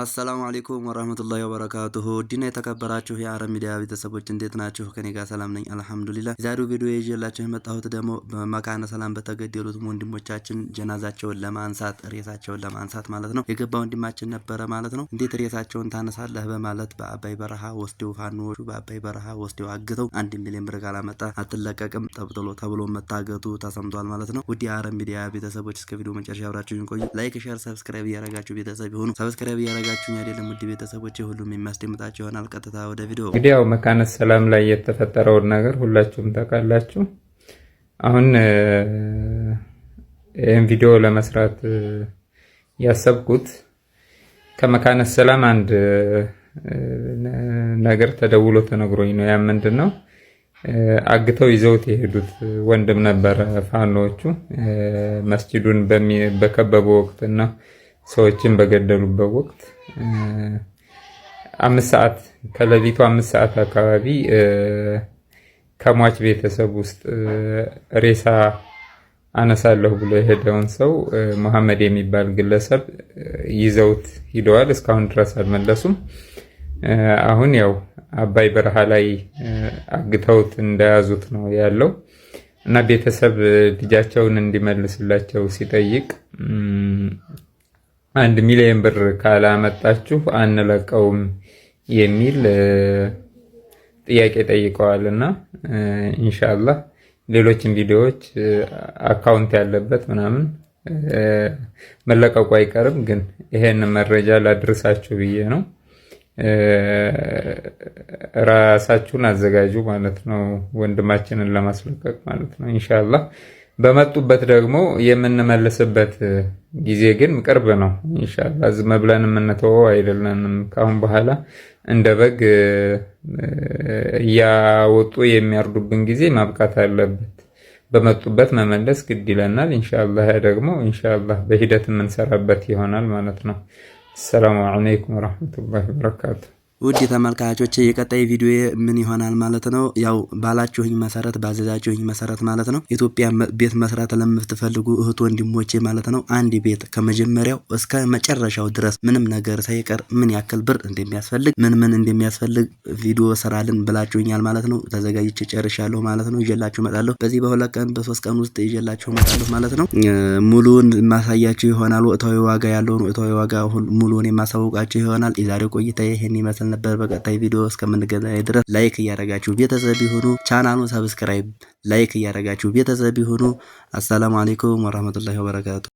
አሰላሙ አሌይኩም ወረህመቱላሂ ወበረካቱሁ ዲና የተከበራችሁ የአረብ ሚዲያ ቤተሰቦች እንዴት ናችሁ? ከኔ ጋር ሰላም ነኝ አልሐምዱሊላ። የዛሬው ቪዲዮ ይዤላችሁ የመጣሁት ደግሞ በመካነ ሰላም በተገደሉት ወንድሞቻችን ጀናዛቸውን ለማንሳት ሬሳቸውን ለማንሳት ማለት ነው የገባ ወንድማችን ነበረ ማለት ነው። እንዴት ሬሳቸውን ታነሳለህ በማለት በአባይ በረሃ ወስደው ፋኖቹ በአባይ በረሃ ወስደው አግተው አንድ ሚሊዮን ብር ካላመጣ አትለቀቅም ተብሎ ተብሎ መታገቱ ተሰምቷል ማለት ነው። ውድ የአረብ ሚዲያ ቤተሰቦች እስከ ቪዲዮ መጨረሻ አብራችሁን ቆዩ። ላይክ፣ ሸር፣ ሰብስክራይብ እያረጋችሁ ቤተሰብ የሆኑ ሰብስክራይብ እያደረጋችሁኝ አይደለም ውድ ቤተሰቦች፣ ሁሉም የሚያስደምጣቸው ይሆናል። ቀጥታ ወደ ቪዲዮ እንግዲህ ያው መካነ ሰላም ላይ የተፈጠረውን ነገር ሁላችሁም ታውቃላችሁ። አሁን ይህን ቪዲዮ ለመስራት ያሰብኩት ከመካነ ሰላም አንድ ነገር ተደውሎ ተነግሮኝ ነው። ያ ምንድን ነው አግተው ይዘውት የሄዱት ወንድም ነበረ ፋኖቹ መስጂዱን በከበቡ ወቅትና ሰዎችን በገደሉበት ወቅት አምስት ሰዓት ከሌሊቱ አምስት ሰዓት አካባቢ ከሟች ቤተሰብ ውስጥ ሬሳ አነሳለሁ ብሎ የሄደውን ሰው መሐመድ የሚባል ግለሰብ ይዘውት ሂደዋል። እስካሁን ድረስ አልመለሱም። አሁን ያው አባይ በረሃ ላይ አግተውት እንደያዙት ነው ያለው እና ቤተሰብ ልጃቸውን እንዲመልስላቸው ሲጠይቅ አንድ ሚሊዮን ብር ካላመጣችሁ አንለቀውም የሚል ጥያቄ ጠይቀዋል እና ኢንሻላህ ሌሎችን ቪዲዮዎች አካውንት ያለበት ምናምን መለቀቁ አይቀርም። ግን ይሄን መረጃ ላድርሳችሁ ብዬ ነው። ራሳችሁን አዘጋጁ ማለት ነው፣ ወንድማችንን ለማስለቀቅ ማለት ነው ኢንሻላህ በመጡበት ደግሞ የምንመልስበት ጊዜ ግን ቅርብ ነው። ኢንሻላ ዝም ብለን የምንተወው አይደለንም። ካሁን በኋላ እንደ በግ እያወጡ የሚያርዱብን ጊዜ ማብቃት አለበት። በመጡበት መመለስ ግድ ይለናል። ኢንሻላ ያ ደግሞ ኢንሻላ በሂደት የምንሰራበት ይሆናል ማለት ነው። አሰላሙ አለይኩም ወረሕመቱላሂ ወበረካቱ። ውድ ተመልካቾች የቀጣይ ቪዲዮ ምን ይሆናል ማለት ነው። ያው ባላችሁኝ መሰረት ባዘዛችሁኝ መሰረት ማለት ነው። ኢትዮጵያ ቤት መስራት ለምትፈልጉ እህት ወንድሞቼ ማለት ነው አንድ ቤት ከመጀመሪያው እስከ መጨረሻው ድረስ ምንም ነገር ሳይቀር ምን ያክል ብር እንደሚያስፈልግ ምን ምን እንደሚያስፈልግ ቪዲዮ ስራልን ብላችሁኛል ማለት ነው። ተዘጋጅቼ ጨርሻለሁ ማለት ነው። ይዤላችሁ እመጣለሁ። በዚህ በሁለት ቀን በሶስት ቀን ውስጥ ይዤላችሁ እመጣለሁ ማለት ነው። ሙሉን ማሳያችሁ ይሆናል። ወቅታዊ ዋጋ ያለውን ወቅታዊ ዋጋ ሙሉን የማሳወቃችሁ ይሆናል። የዛሬው ቆይታ ይህን ይመስል ይመስል ነበር። በቀጣይ ቪዲዮ እስከምንገናኝ ድረስ ላይክ እያደረጋችሁ ቤተሰብ ይሁኑ። ቻናሉ ሰብስክራይብ፣ ላይክ እያደረጋችሁ ቤተሰብ ይሁኑ። አሰላሙ አሌይኩም ወራህመቱላሂ ወበረካቱ።